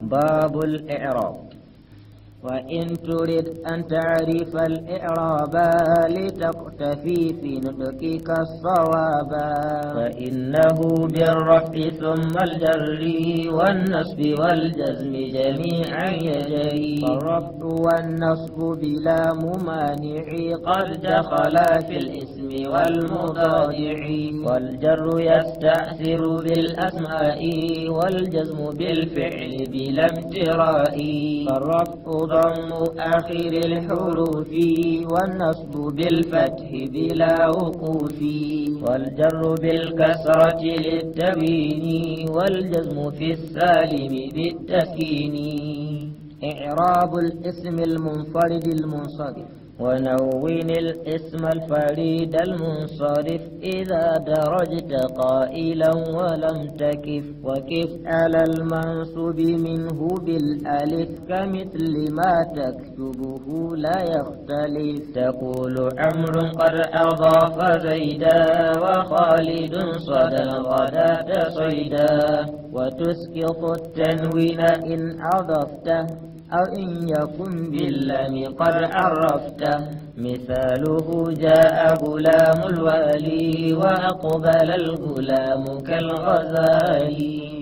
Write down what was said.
باب الإعراب وإن ترد أن تعرف الإعراب لتقتفي في نطقك الصواب فإنه بالرفع ثم الجر والنصب والجزم جميعا يجري فالرفع والنصب بلا ممانع قد دخلا في الاسم والمضارع والجر يستأثر بالأسماء والجزم بالفعل بلا امتراء فالرفع ضم آخر الحروف والنصب بالفتح بلا وقوف والجر بالكسرة للتبين والجزم في السالم بالتسكين إعراب الاسم المنفرد المنصرف ونون الاسم الفريد المنصرف إذا درجت قائلا ولم تكف وكف على المنصب منه بالألف كمثل ما تكتبه لا يختلف تقول عمر قد أضاف زيدا وخالد صدى الغداة صيدا وتسقط التنوين إن أضفته أو إن يكن باللام قد عرفته مثاله جاء غلام الوالي وأقبل الغلام كالغزالي